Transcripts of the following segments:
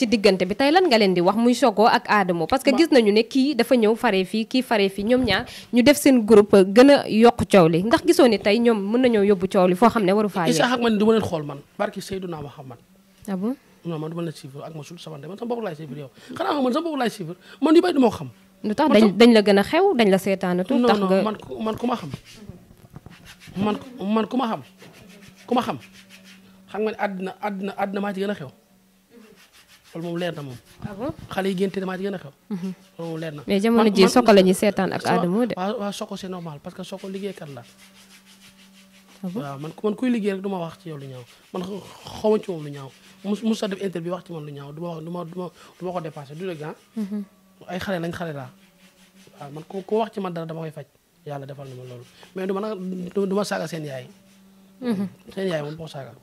ci diggante bi tey lan nga leen di wax muy Choco ak Adamo parce que gis nañu ne kii dafa ñëw fare fii kii fare fii ñoom ñaar ñu def seen groupe gën a yokk coow li ndax gisoo ni tey ñoom mën nañoo yóbbu coow li foo xam ne waru faa yegg. Isaax ak man du ma leen xool man barki Seydina ah du ma leen suivre ak Masul Sabande man sama bopp laay suivre yow xanaa man sama bopp laay suivre du xam. lu tax dañ dañ la gën a xew dañ la seetaanatu. tax nga man man ku ma xam man man ku ma xam ku ma xam xam nga ne àddina àddina àddina maa ci gën a xew loolu moom leer na moom. Ah xale yi génte damaa ci gën a xew. Mhm. loolu moom leer na. mais jamono ji Soko la ñuy seetaan ak Adamo de. waaw waaw c'est normal parce que Soko ah liggéey rek du lu ñaaw man xaw ma ci a def interview wax ma wax du ma du ma ko dépassé ah? mhm. waaw man ku wax ci man dara dama koy faj yàlla defal na ma loolu mais du ma nag du ma saaga seen yaay. Mhm. seen yaay moom boo saaga.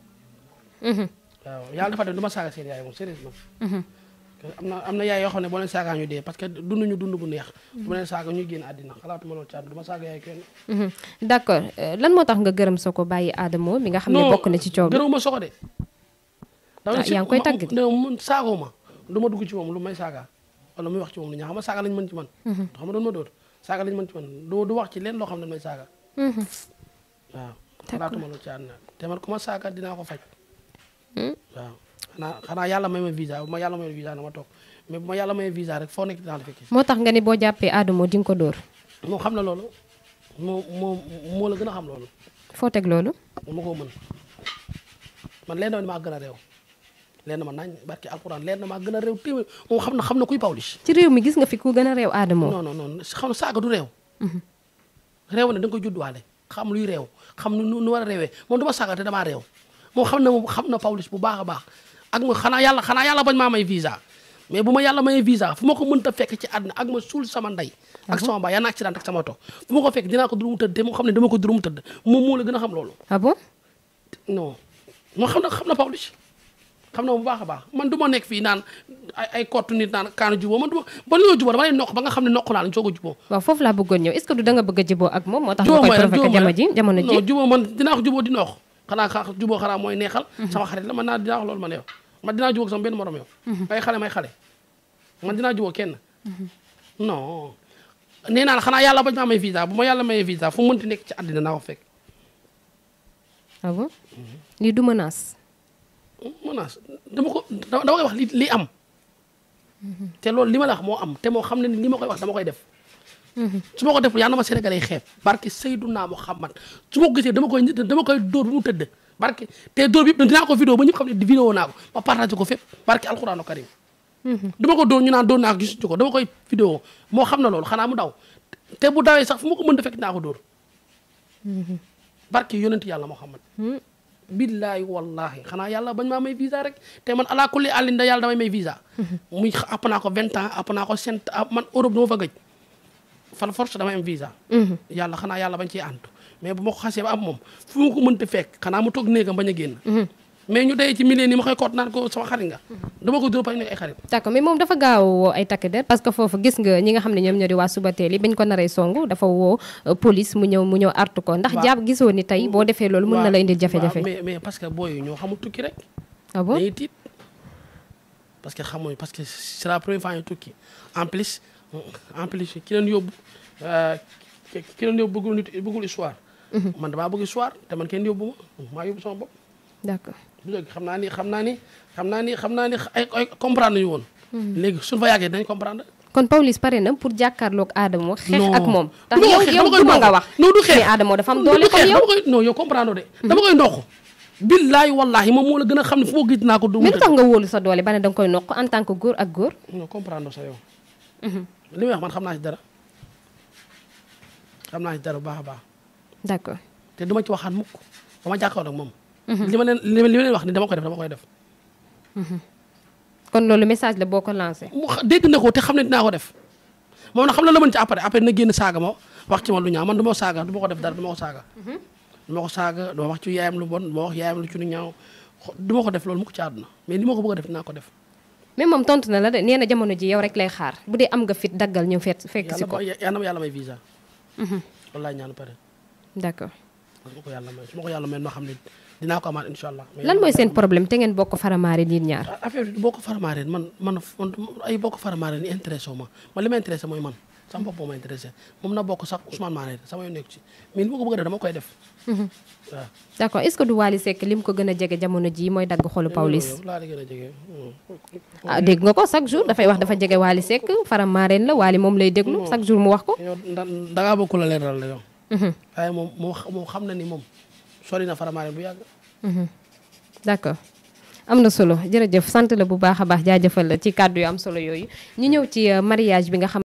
waaw yàlla dafa def du ma saaga seen yaay moom sérieusement mhm. am na am na yaay yoo xam ne boo leen saagaa ñu dee parce que dund ñu dund bu neex bu mhm. leen saaga ñu génn àddina xalaatuma loolu caat du ma saaga mhm. euh, ah, saaga wala da xam doon ma dóor saaga lañ mën ko faj Hmm? waaw xanaa xanaa yàlla ma visa bu yàlla may visa na ma mais bu yàlla may visa rek foo nekk dinaa moo tax nga ni boo jàppee Adamo di nga ko dóor. moo xam na loolu moo moo moo la gën a xam loolu. foo teg loolu. ma ko mën man lenn maa gën a réew lenn ma nañ barki alxuraan leen maa gën a réew téeméer moom xam na xam na kuy Pawlish. ci réew mi gis nga fi ku gën a réew Adamo. non non non xam na saaka du réew. Mhm. réew na da ko koy juddwaale xam luy réew xam nu nu war a réewee moom du ma te damaa réew. moom xam na moom xam na Pawlish bu baax a baax ak ma xanaa yàlla xanaa yàlla bañ maa may visa mais bu ma yàlla mayee visa fu ma ko mënta fekk ci àdduna ak ma suul sama ndey ak ma ko fekk dinaa moo xam ne dama ko durum moom a xam loolu ah na xam na Pawlish xam na bu baax a baax man du ma nekk fii naan ay ay nit naan kaanu juboo man du ma ba nuyoo juboo dama lay nokk ba nga xam ne nokk naa lañ soog a juboo waaw foofu laa bëggoon ñëw est du da nga bëgg a juboo ak moom moo tax nga koy provoqué di nokk xanaa xa juboo xanaa mooy neexal mhm. sama xarit la man naa dinaa wax loolu ma ne yow man dinaa jubóog sama benn morom yow mhm. ay xale may xale man dinaa jubóog mhm. non nee naa la xanaa yàlla bañ maa may visa bu ma yàlla mayee visa fu mënti nekk ci àddina naa ko fekk ah bon lii du menace menace dama ko dama koy wax li li am te loolu li ma la wax moo am te moo xam ne ni li ma koy wax dama koy def su ma ko deful yàlla na ma sénégalais xeeb barke Seydouna Muhammad su ma ko gisee dama koy dama koy dóor bu mu tëdd barke te dóor bi yëpp dinaa ko vidéo ba ñëpp xam ne vidéo naa ko ma partagé ko fépp barke alxuraanu karim mhm. dama ko dóor ñu naan dóor naa ko gisuñu ko dama koy vidéo moo xam na loolu xanaa mu daw te bu dawee sax fu ma ko mën da fekk naa ko dóor mhm. barke yonent yàlla Muhammad hmm. billahi wallahi xanaa yàlla bañ maa may visa rek te man alaa kulli àllin da yàlla damay may visa mhm. muy app naa ko vingt ans app naa ko cent man Europe dama fa gëj fal force dama am visa. Mhm. yàlla xanaa yàlla bañ ciy àntu mais bu ma ko xasee ba am moom fu ma ko mënti fekk xanaa mu toog néegam bañ a génn. Mhm. mais ñu dayee ci milliers ni ma koy koot naan ko sama xarit nga dama ko dóor nekk parce que foofu gis nga ñi nga xam ne ñoom ñoo waa subateel yi bañ ko naray song dafa woo euh, police mu ñëw mu ñëw artu ko ndax jàpp gisoo ni tey boo defee loolu mën na la indil jafe-jafe mais parce que booyu ñoo xamul tukki rek ah bon que xamuñu parce que c'est amplifié ki leen yóbbu euh, ki leen yóbbu bëggul nit bëggul histoire. Mhm. man damaa bëgg histoire te man kenn yóbbu ma maa yóbbu sama bopp. d'accord léegi xam naa ni xam naa ni xam naa ni xam naa ni ay comprendre ñu woon. Mhm. léegi suñu fa yàggee dañ comprendre. kon Pawlish pare na pour jàkkaarloog Adamo. xeex ak moom ndax yow yow du ma nga wax. non du xeex mais Adamo dafa am doole comme mhm. dama koy ndox. billahi wallahi moom moo la gën a xam ne foo ma gis naa ko. du mu tax nga sa doole ba ne danga koy noq en tant que góor ak góor. non comprendre sa yow. li muy wax man xam naa ci dara xam naa ci dara baax a baax. d'accord te du ci waxaat mukk ba ma jàkkaarloo ak moom. Mhm. li ma leen li ma wax ni dama koy def dama koy def. Mhm. kon loolu message la boo ko lancé. mu dégg na ko te xam ne dinaa ko def moom nag xam na la mën ci après après na génn saaga ma wax ci ma lu ñaaw man du ma saaga du ko def dara du ma ko saaga. Mhm. du ko saaga du wax ci yaayam lu bon du ma wax yaayam lu ci lu ñaaw du ma ko def loolu mukk ci àdduna mais ni ma ko bëgg a def ko def. mais moom tontu na la de nee jamono ji yow rek lay xaar bu dee am nga fit daggal ñëw fekk fekk si ko yàlla ma yàlla may visa wallaay mhm. ñaan pare d'accord su ma ko yàlla may su xam ne dinaa ko amaat incha allah lan mooy seen problème te ngeen bokk faramaareen yéen ñaar ah, affaire bi bokk faramaareen man ay bokk faramaareen yi intéressé ma li ma intéressé mooy man sama bopp moo moom na bokk sax Ousmane Mané sama yoon nekku ci mais li ma ko bëgg dama koy def waaw d' accord est ce que du Wally Seck lim ko gën a jege jamono jii mooy dagg xolu Pawlish. ah dégg nga ko chaque jour dafay wax dafa jege Wally Seck faram la Wally moom lay déglu chaque jour mu wax ko. da ngaa bokk la leeral la yow. waaye moom moom na ni moom sori na faram mareen bu yàgg. d' accord am na solo jërëjëf sant la bu baax a baax jaajëfal la ci kàddu yu am solo yooyu ñu ñëw ci mariage bi nga xam.